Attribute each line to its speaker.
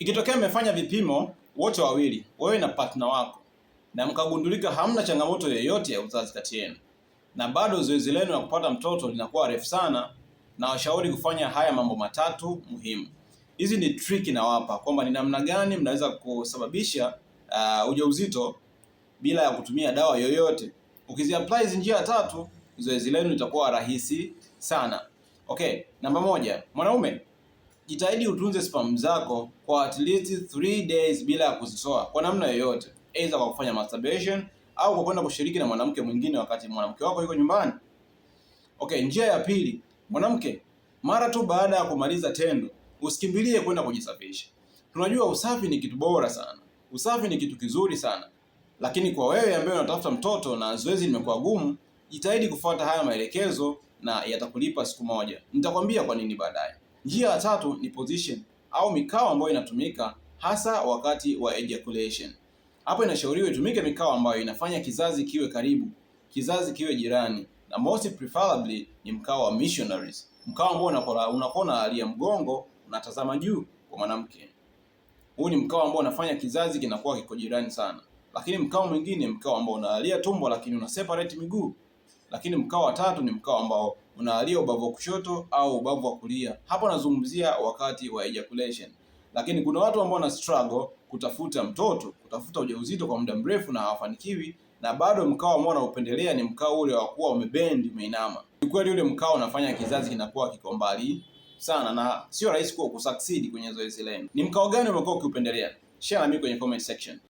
Speaker 1: Ikitokea mmefanya vipimo wote wawili, wewe na partner wako, na mkagundulika hamna changamoto yoyote ya uzazi kati yenu, na bado zoezi lenu la kupata mtoto linakuwa refu sana, na washauri kufanya haya mambo matatu muhimu. Hizi ni trick nawapa kwamba ni namna gani mnaweza kusababisha uh, ujauzito bila ya kutumia dawa yoyote. Ukiziapply hizi njia tatu, zoezi lenu litakuwa rahisi sana. Okay, namba moja, mwanaume jitahidi utunze sperm zako kwa at least 3 days bila ya kuzitoa kwa namna yoyote, aidha kwa kufanya masturbation au kwa kwenda kushiriki na mwanamke mwingine wakati mwanamke wako yuko nyumbani. Okay, njia ya pili, mwanamke, mara tu baada ya kumaliza tendo usikimbilie kwenda kujisafisha. Tunajua usafi ni kitu bora sana, usafi ni kitu kizuri sana, lakini kwa wewe ambaye unatafuta mtoto na zoezi limekuwa gumu, jitahidi kufuata haya maelekezo na yatakulipa siku moja. Nitakwambia kwa nini baadaye. Njia ya tatu ni position au mikao ambayo inatumika hasa wakati wa ejaculation. Hapo inashauriwa itumike mikao ambayo inafanya kizazi kiwe karibu, kizazi kiwe jirani, na most preferably ni mkao wa missionaries, mkao ambao unakuwa alia mgongo, unatazama juu kwa mwanamke. Huu ni mkao ambao unafanya kizazi kinakuwa kiko jirani sana, lakini mkao mwingine, mkao ambao unalia tumbo, lakini una separate miguu lakini mkao wa tatu ni mkao ambao unaalia ubavu wa kushoto au ubavu wa kulia. Hapo nazungumzia wakati wa ejaculation. Lakini kuna watu ambao wana struggle kutafuta mtoto, kutafuta ujauzito kwa muda mrefu na hawafanikiwi, na bado mkao ambao wanaupendelea ni mkao ule wa kuwa umebend, umeinama. Ni kweli ule mkao unafanya kizazi kinakuwa kiko mbali sana na sio rahisi kuwa kusucceed kwenye zoezi lenu. Ni mkao gani umekuwa ukiupendelea? Share mimi kwenye comment section.